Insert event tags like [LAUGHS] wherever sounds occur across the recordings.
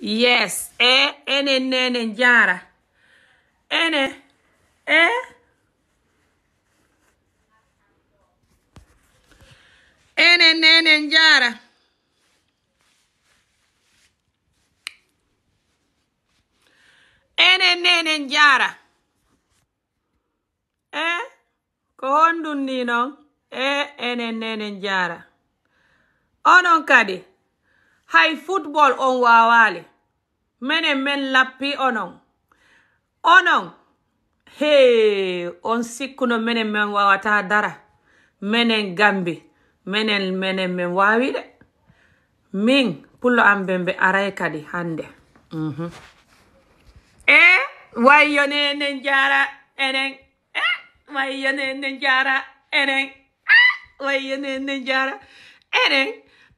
yes e enen nenen ene e enen nenen jara enen nenen jara e ko honɗum ni noon e enen nenen jara onon hay football on waawali menen men lappi onon onon he on sikkuno menen men wawata dara menen gambi menen men waawi min pullo am ɓen aray kadi hannde mhm. e wayyone enen jaara enen e wayyone jaara enen wayyone enen jaara enen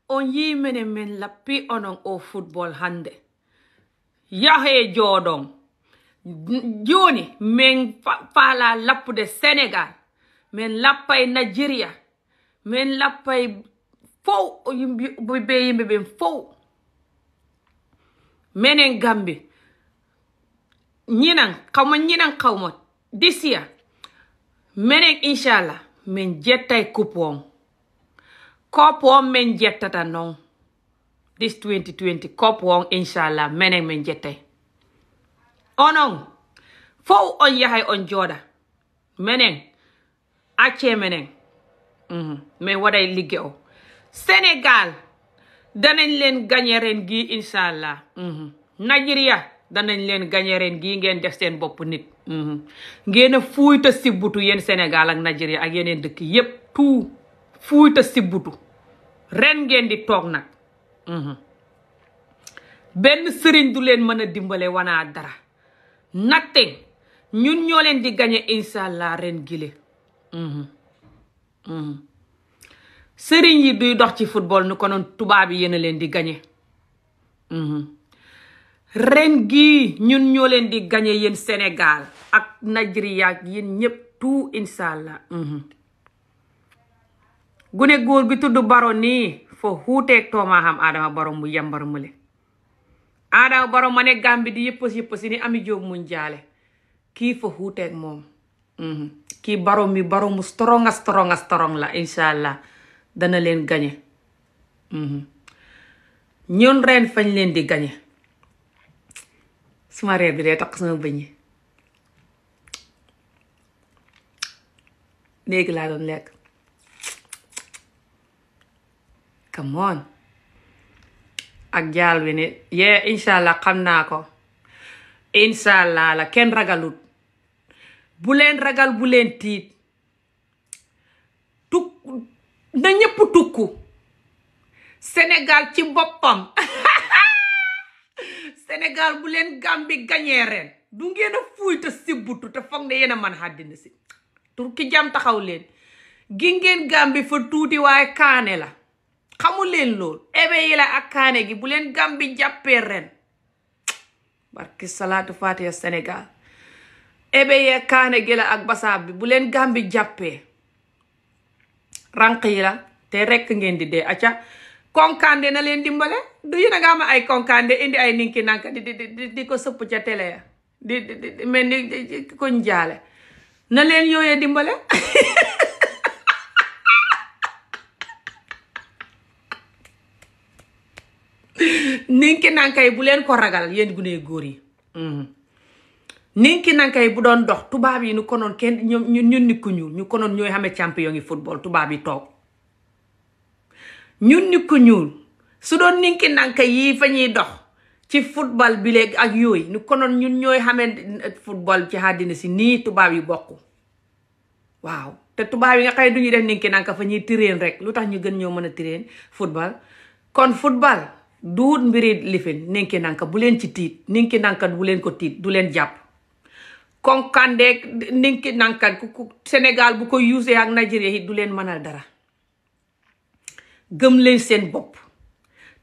on yimene min lappi onon o football hande yahe jooɗon joni min faala lappude sénégal min lappay nigeria min lappay fow be yimɓe ɓen fow menen gambi ñinan kawmo ñinan kawmo disiya menen inchallah min jettay coupe koppon min jettata noon this 2020 koppo on inchallah minen min jettay onon fof on yahay on jooɗa minen acce minen min mhm, waɗay ligge o sénégal danañ leen gañe ren gi inchallah mhm, nigeria danañ leen gañe ren gi ngeen def seen bopp nit mhm, ngeen a fuuy ta sibbutu yéen sénégal ak nigeria ak yeneen dëkk yépp tout fuuta sibbutu ren ngeen di toog nag mhm. benn sëriñ du leen mën a dimbale wanaa dara nothing ñun ñoo leen di gañe incha allah ren gile mhm. Mhm. sëriñ yi duy dox ci football ni konoon tubaab yi yéen leen di gañe ren gii ñun ñoo leen di gañe yéen Sénégal ak Nigeria ak yéen ñëpp tout gune góor bi tudd baro nii fo xuuteeg toomaxam Adama Baro mu yambar mule Adama Baro ma ne Gàmbi di yëppas si ni Ami Jóob muñ jaale kii fo xuuteeg moom mhm. kii Baro mi Baro mu storonga storonga storong la incha dana leen gañe mhm. ñun ren fañ leen di gañe suma reer bi day tax sama bëñ yi léegi laa doon lekk come ak jaal bi yee incha xam naa ko incha la kenn ragalut bu leen ragal bu leen tiit tukk na ñépp tukku Sénégal ci boppam [LAUGHS] Sénégal bu leen Gàmbi gañee du ngeen a fuuy te sibbutu te foog ne yéen man àddina si tur ki jam taxaw leen gi ngeen Gàmbi fa tuuti waaye kaane la xamu leen lool ebe yi la ak kaane gi bu leen Gambie jàppee ren barki salaatu faatiha Sénégal ebe yee kaane gi la ak basaab bi bu leen Gambie jàppee rànq yi te rekk ngeen di dee acca konkande na leen dimbale du yéen a nga am ay konkande indi ay ninki nanka di di di ko sëpp ca télé ya di di mel ni ko njaale na leen yooyee dimbale [LAUGHS] ninki nanka yi bu leen ko ragal yéen gune góor yi mm-hmm. ninki nanka yi bu doon dox tubaab yi ñu konoon kenn ñoom ñun nit ku ñuul ñu konoon ñooy xame champion yi football tubaab yi toog ñun nit ñuul su doon ninki nanka yii fa ñuy dox ci football bi léegi ak yooyu ñu konoon ñun ñooy xamee football ci àddina si nii tubaab yi bokk waaw te tubaab yi nga xëy du ñu def ninki nanka fa ñuy tireen rek lu tax ñu gën ñoo mën a tireen football kon football duut mbiri lifin ninki nanka bu leen ci tiit ninki nanka bu leen ko tiit du leen jàpp konkande ninki nanka ku Sénégal bu ko usé ak Nigeria yi du leen mënal dara gëm leen seen bopp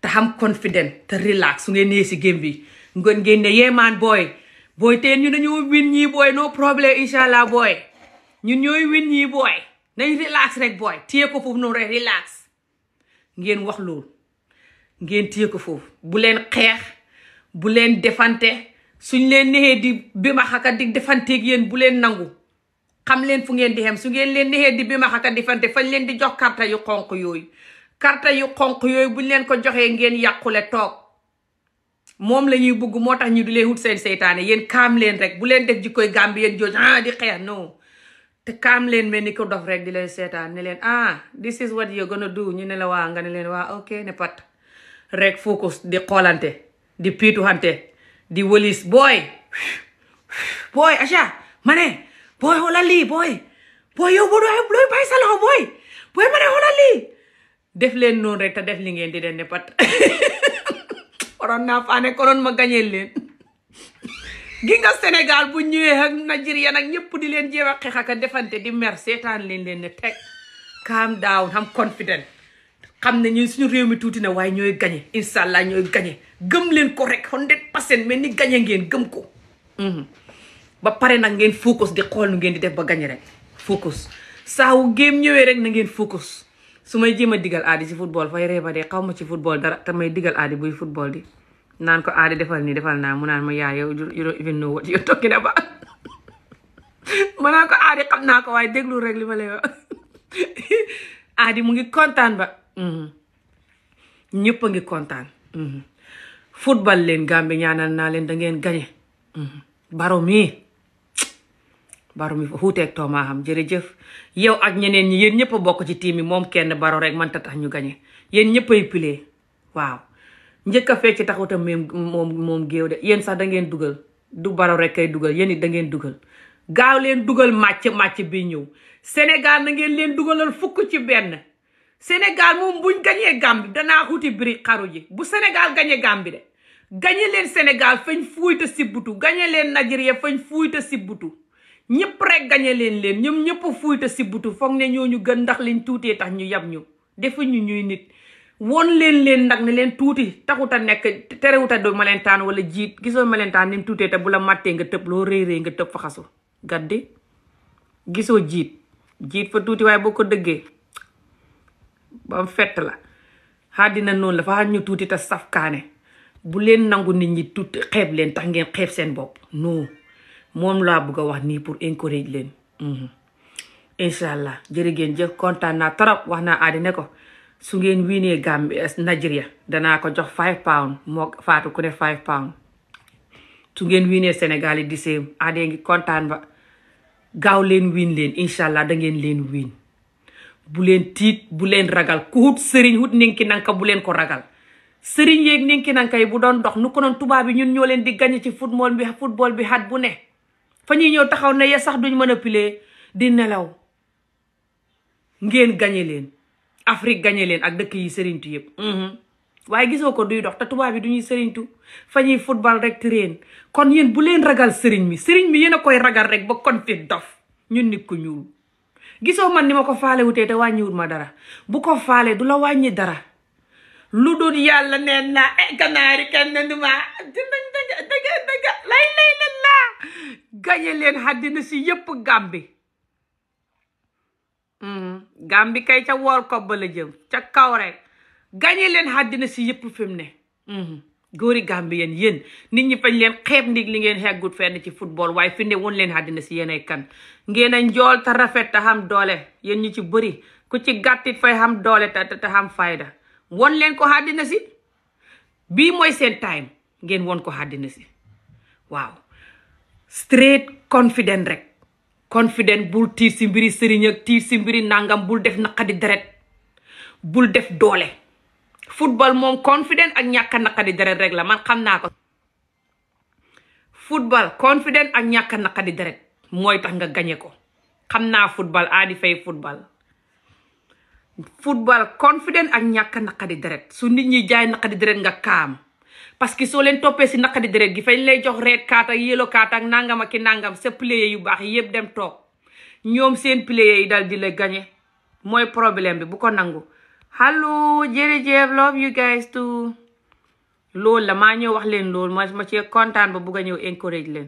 te xam confident te relax su ngeen nee si game bi ngeen ngeen ne yeemaan booy booy teen ñu ne ñu win ñii booy no problème incha allah booy ñun ñooy win ñii booy nañ relax rek booy téye ko foofu noonu rek relax ngeen wax loolu ngeen téye ko foofu bu leen xeex bu leen defante suñ leen nexee di bi ma xaka di defanteeg bu leen nangu xam leen fu ngeen di xem su ngeen leen nexee di bi ma xaka defante fañ leen di jox karta yu xonq yooyu karta yu xonq yooyu buñ leen ko joxee ngeen yàqule toog moom la ñuy bugg moo tax ñu di leen wut seen seytaane yéen kaam leen rek bu leen def jikkoy gàmbi yéen jooj ah di xeex non te kaam leen mel ni ko dof rek di leen seetaan ne leen ah this is what you're gonna do ñu ne la waa nga ne leen waa ok ne pat rek focus di xoolante di piituxante di wëlis booy booy aca mane ne booy xoolal lii booy booy yow boo doy looy booy booy ma ne def leen noonu rek te def li ngeen di den ne pat [LAUGHS] waroon naa faane konoon ma gañeel leen [LAUGHS] gi nga Sénégal bu ñëwee ak Nigeria nag ñëpp di leen jéem a xeex ak defante di mer seetaan leen leen ne teg calm down am confident xam ne ñun suñu réew mi tuuti na waaye ñooy gagné incha allah ñooy gagné gëm leen ko rek hundred percent mel ni gagné ngeen gëm ko. Mhm. ba pare nag ngeen focus di xool nu ngeen di def ba gagné rek focus saawu game ñëwee rek na ngeen focus su may jëm a digal aadi ci football fay reeba xaw ma ci football dara te may digal aadi buy football di naan ko aadi defal nii defal naa mu naan ma yaa yow you don't even know what you're talking about [LAUGHS] ma naan ko aadi xam naa ko waaye déglu rek li ma lay wax [LAUGHS] aadi mu ngi kontaan ba. Mm-hmm. ñëpp ngi kontaan. Mm-hmm. footbal leen Gambie ñaanal naa leen da ngeen gañe mm-hmm. baro mi baro mi xuuteeg toomaa xam jërëjëf yow ak ñeneen ñi yéen ñëpp bokk ci tiim yi moom kenn baro rek man tax ñu gañe yéen ñëpp ay pilee waaw njëkk a fecc taxutam moom moom géew de yéen sax da ngeen dugal du baro rek kay dugal yéen it dangeen dugal gaaw leen dugal màcc màcc bi ñëw Sénégal na ngeen leen dugalal fukk ci benn Sénégal moom buñ gañee Gambie danaa xuti biri xaru ji bu Sénégal gañee Gambie de gañe leen Sénégal fañ fuuyta sibbutu gañe leen Nigeria fañ fuuyta sibbutu ñëpp rek gañe leen leen ñoom ñëpp fuuyta sibbutu foog ne ñooñu gën ndax liñ tuutee tax ñu yab ñu defuñu ñuy nit woon leen leen nag ne leen tuuti taxut a nekk terewuta doo melentaan wala jiit gisoo melentaan ni mu tuutee te bu la màttee nga tëb loo réeree nga tëb fa xasu gaddi gisoo jiit jiit fa tuuti waaye boo ko dëggee ba fett la àddina noonu la fa ñu tuuti te safkaane bu leen nangu nit ñi tuut xeeb leen tax ngeen xeeb seen bopp non moom laa bëgg a wax nii pour encourage leen mhm. incha allah jërë ngeen kontaan naa trop wax naa aadi ko su ngeen wiinee Gambie eh, Nigeria danaa ko jox five pound moo faatu ku ne five pound su ngeen wiinee Sénégal yi di seem ngi kontaan ba gaaw leen wiin leen incha allah da ngeen leen wiin bu leen tiit bu leen ragal ku hut sëriñ hut ninki nanka bu leen ko ragal sëriñ yeeg ninki nanka yi bu doon dox nu ko noon tubaab yi ñun ñoo leen di gañe ci football bi football bi xat bu ne fa ñuy ñëw taxaw ne ya sax duñ mën a pilee di nelaw ngeen gañe leen Afrique gañe leen ak dëkk yi sëriñtu yëpp mhm. waaye gisoo ko duy dox te tubaab yi du ñuy sëriñtu fa ñuy football rek tireen kon yéen bu leen ragal sëriñ mi sëriñ mi yéen a koy ragal rek ba kon fi dof ñu nit ku gisoo man ni ma ko faale wutee te wàññiwut ma dara bu ko faale du la wàññi dara lu dul yàlla neen naa e ganaari kenn du ma dinañ daga daga daga lay lay la laa gañe leen àddina si yépp Gàmbi mm-hmm. Gàmbi kay ca woor ko ba la jëm ca kaw rek gañe leen àddina si yépp fi ne mm-hmm. góori gambien yéen nit ñi fañ leen xeeb ndig li ngeen xeggut fenn ci football waaye fi ne woon leen àddina si yéenay kan ngeen a njool te rafet te xam doole yéen ñu ci bëri ku ci gàttit fay xam doole te te xam fayda won leen ko àddina si bii mooy seen time ngeen won ko àddina si waaw straight confident rek confident bul tiit si mbiri sëriñ ak tiit si mbiri nangam bul def naqadi deret bul def doole football moom confident ak ñàkk a naqadi deret rek la man xam naa ko football confident ak ñàkk naqadi deret mooy tax nga gañe ko xam naa football aadi fay football football confident ak ñàkk a naqadi deret su nit ñi jaay naqadi deret nga kaam parce que soo leen toppee si naqadi deret gi fañ lay jox red kaata ak yellow card nangam ak ki nangam sa player yu baax yëpp dem toog ñoom seen player yi daal di la gañe mooy problème bi bu ko nangu hello jërëjëf love you guys too loolu la maa ñëw wax leen loolu ma ma ci kontaan ba bugga ñëw encourage leen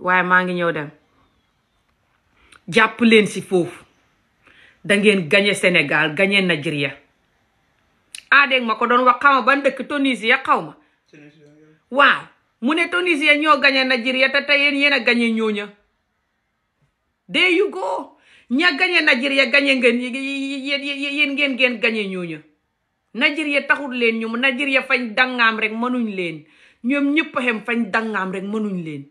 waaye maa ngi ñëw dem jàpp leen si foofu da ngeen gañe Sénégal gañe Nigeria ah dégg ma ko doon wax xaw ma ban dëkk Tunisie xaw ma waaw mu ne Tunisie ñoo gañe Nigeria te tey yéen yéen a gañee ñooña there you go ña gañe Nigeria gañe ngeen yéen ngeen ngeen gañe ñooñu Nigeria taxul leen ñu Nigeria fañ dangaam rek mënuñ leen ñoom ñëpp xem fañ dangaam rek mënuñ leen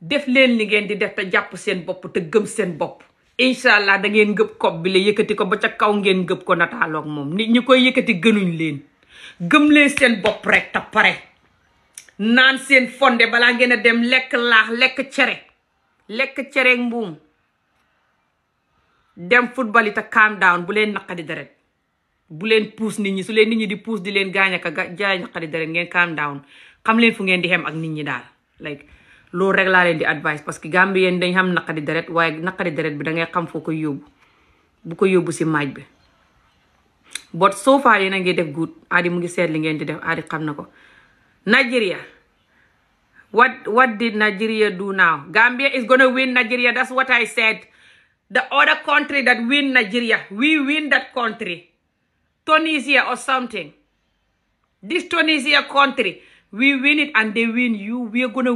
def leen li ngeen di def te jàpp seen bopp te gëm seen bopp incha allah da ngeen ngëb kob bi la yëkkati ko ba ca kaw ngeen ngëb ko nataalook moom nit ñi koy yëkkati gënuñ leen gëm leen seen bopp rek te naan seen fonde balaa ngeen a dem lekk laax lekk cere lekk cere mbuum dem football yi te calm down bu leen naqadi deret bu leen puus nit ñi su leen nit ñi di puus di leen gaañ ak jaay naqadi deret ngeen calm down xam leen fu ngeen di xem ak nit ñi daal like loolu rek laa leen di advice parce que Gambie yéen dañ xam naqadi deret waaye naqadi deret bi da ngay xam foo koy yóbbu bu ko yóbbu si maaj bi but so far yéen a ngi def good aadi mu ngi seet li ngeen di def aadi xam na ko Nigeria what what did Nigeria do now Gambia is gonna win Nigeria the other country that win Nigeria, we win that country. Tunisia or something. This Tunisia country, we win it and they win you. We are going to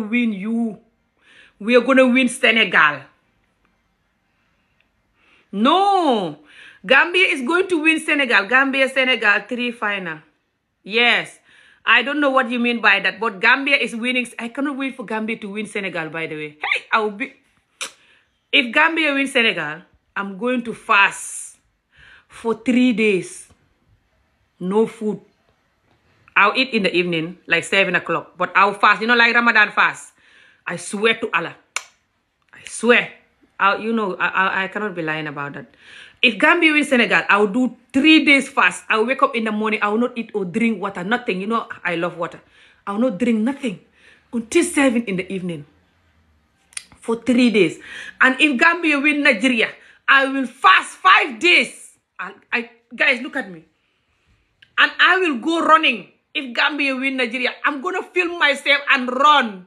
win Senegal. No. Gambia is going to win Senegal. Gambia, Senegal, three final. Yes. I don't know what you mean by that, but Gambia is winning. I cannot wait for Gambia to win Senegal, by the way. Hey, I will be... if Gambia win Senegal I'm going to fast for three days no food I'll eat in the evening like seven o'clock but I'll fast like Ramadan fast I swear to Allah I swear I, cannot be lying about that if Gambia win Senegal I'll do three days fast I'll wake up in the morning I will not eat or drink water nothing you know I love water I will not drink nothing until seven in the evening for three days. And if Gambia win Nigeria, I fast five days. guys, look at me. And I go running. If Gambia win Nigeria, I'm going to film myself and run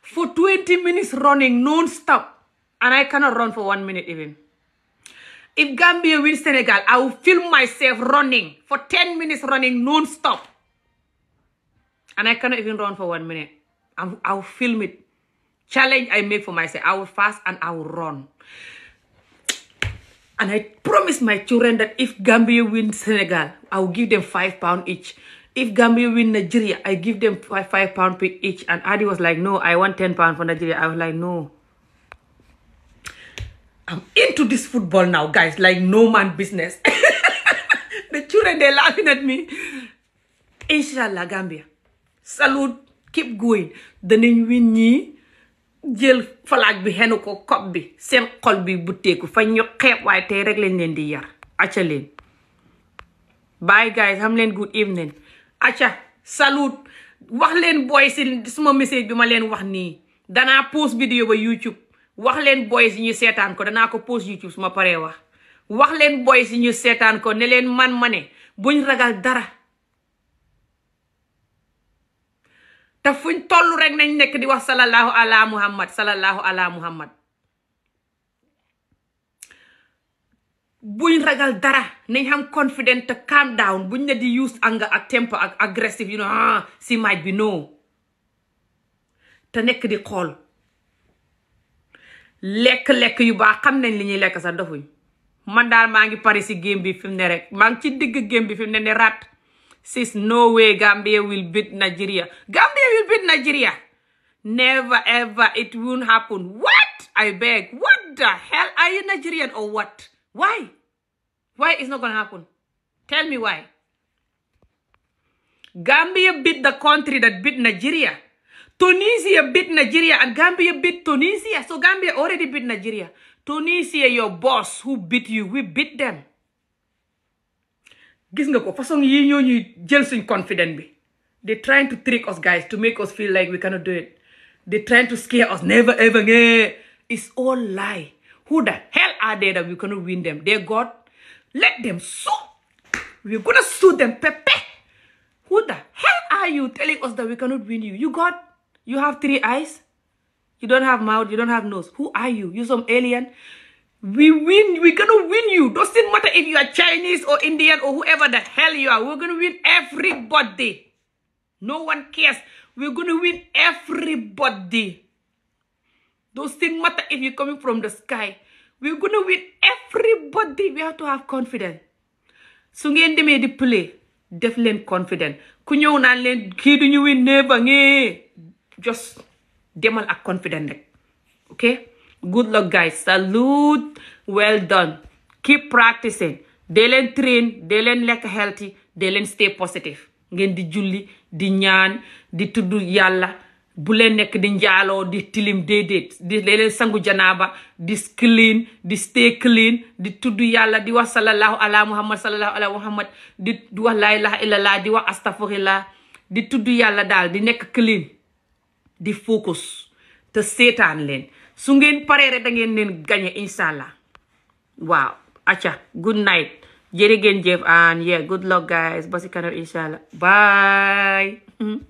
for 20 minutes running non-stop. And I cannot run for one minute even. If Gambia win Senegal, I film myself running for 10 minutes running non-stop. And I cannot even run for one minute. i I'll film it. challenge I made for myself. I will fast and I will run. And I promised my children that if Gambia win Senegal, I will give them five pound each. If Gambia win Nigeria, I give them five, five pound each. And Adi was like, no, I want 10 pound for Nigeria. I was like, no. I'm into this football now, guys, like no man business. [LAUGHS] the children, they're laughing at me. Inshallah, Gambia. Salute. Keep going. Danañ win ñii jël falaaj bi xenu ko kob bi seen xol bi bu teeku fa ñu xeeb waaye tey rek lañ leen di yar acca leen bye guys xam leen good evening acca salut wax leen boys si suma message bi ma leen wax nii danaa post vidéo ba youtube wax leen boys yi ñu seetaan ko danaa ko post youtube su ma paree wax wax leen boys yi seetaan ko ne leen man ma ne buñ ragal dara te fuñ toll rek nañ nekk di wax salallahu ala muhammad salallahu ala muhammad buñ ragal dara nañ xam confident te calm down buñ ne di use anger ak temper ak aggressive you know ah si maaj bi no te nekk di xool lekk-lekk yu baax xam nañ li ñuy lekk sa dofuñ man daal maa ngi pari si game bi ne rek maa ngi ci digg game bi fi mu ne ne rat Says no way Gambia will beat Nigeria. Gambia will beat Nigeria. Never ever it won't happen. What? I beg. What the hell? Are you Nigerian or what? Why? Why it's not gonna happen? Tell me why. Gambia beat the country that beat Nigeria. Tunisia beat Nigeria and Gambia beat Tunisia. So Gambia already beat Nigeria. Tunisia, your boss who beat you, we beat them. gis nga ko façon yii ñoo ñuy jël suñ confident bi they trying to trick us guys to make us feel like we cannot do it they trying to scare us never ever again it's all lie who the hell are they that we cannot win them they God let them sue we're gonna sue them pepe who the hell are you telling us that we cannot win you you God you have three eyes you don't have mouth you don't have nose who are you you some alien We win. We're going to win you. Doesn't matter if you are Chinese or Indian or whoever the hell you are. We're going win everybody. No one cares. We're going win everybody. Doesn't matter if you're coming from the sky. We're going win everybody. We have to have confidence. su ngeen demee di play def leen confident ku ñëw naan leen kii du ñu win ne ba ngee just demal ak confident rek good luck guys salute well done keep practicing dee leen train dee leen lekk healthy dee leen stay positive ngeen di julli di ñaan di tudd yàlla bu leen nekk di njaaloo di tilim déedéet di leen sangu janaaba di clean di stay clean di tudd yàlla di wax salallahu ala muhammad salallahu ala muhammad di wax laa ilaha illallah di wax astaghfirullah di tudd yàlla daal di nekk clean di focus te seetaan leen su ngeen paree rek da ngeen leen gagné incha waaw acca good night jërë ngeen jëf and yeah good luck guys ba si kanam incha allah bye [LAUGHS]